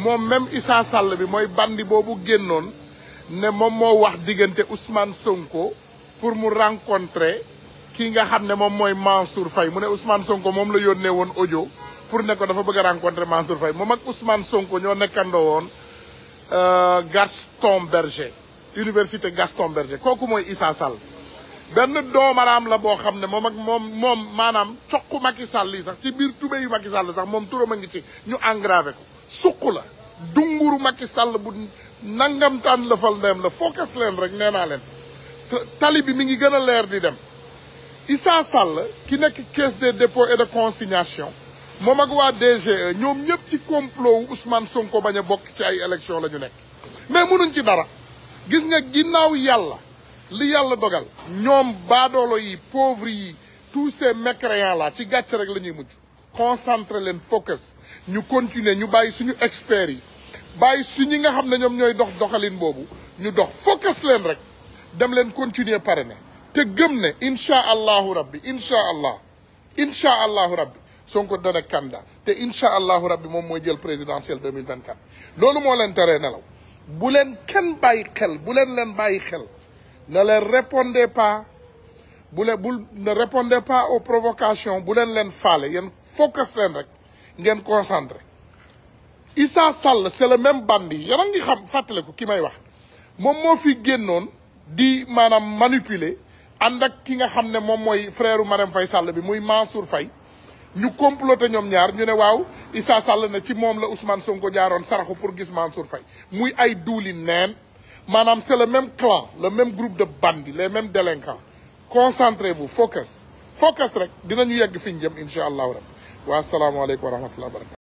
moom même Issa Sall bi mooy bandi boobu génnoon ne moom moo wax diggante Ousmane Sonko pour mu rencontrer kii nga xam ne moom mooy Mansour fay mu ne Ousmane Sonko moom la yónnee woon audio pour nekk ko dafa bëgg a rencontrer Mansour Faye moom ak Ousmane Sonko ñoo nekkandoo woon euh, Gaston Berger université Gaston Berger kooku mooy Issa Sall benn doomaraam la boo xam ne moom ak moom moom maanaam coq Macky sàll yi sax ci biir tubé yu Macky sàll sax moom turam a ngi ci ñu engravé ko suq la dunguru makki Sall bu nangamtaan lëfal ndem la focus leen rek nee naa leen tali bi mi ngi gën a leer di dem Issa Sall ki nekk caisse des dépôts et de consignation moom ak waa DGE ñoom ñëpp ci complot wu Ousmane Sonko bañ a bokk ci ay élection la ñu nekk mais mënuñ ci dara gis nga ginnaaw yàlla li yàlla dogal ñoom baadoolo yi pauvre yi tous ces mécréants là ci gàcc rek la ñuy mujj concentré leen focus ñu continuer ñu bàyyi suñu experts yi bàyyi suñu nga xam ne ñoom ñooy dox doxalin boobu ñu dox focus leen rek dem leen continuer pare ne te gëm ne incha allahu rabbi incha allah incha allahu rabbi Sonko dana kanda te incha allahu rabbi moom mooy jël présidentielle 2024 loolu moo leen teree nelaw bu leen kenn bàyyi xel bu leen leen bàyyi xel ne leen répondez pas ne répondez pas aux provocations bu les leen faale vous focus il rek Issa Sall c'est le même bandit Y a xam ko ki may wax fi génnoon di manipuler ne frère Marème Faye Sall bi Mansour Faye ñu comploté Issa Sall Ousmane Sonko pour gis Mansour Faye Il ay c'est le même clan le même groupe de bandits les mêmes délinquants concentré vous focus focus rek dinañu yegg fi ñu jëm incha allahu rabbi wa salaamualeykum wa rahmatullahi wa barakatu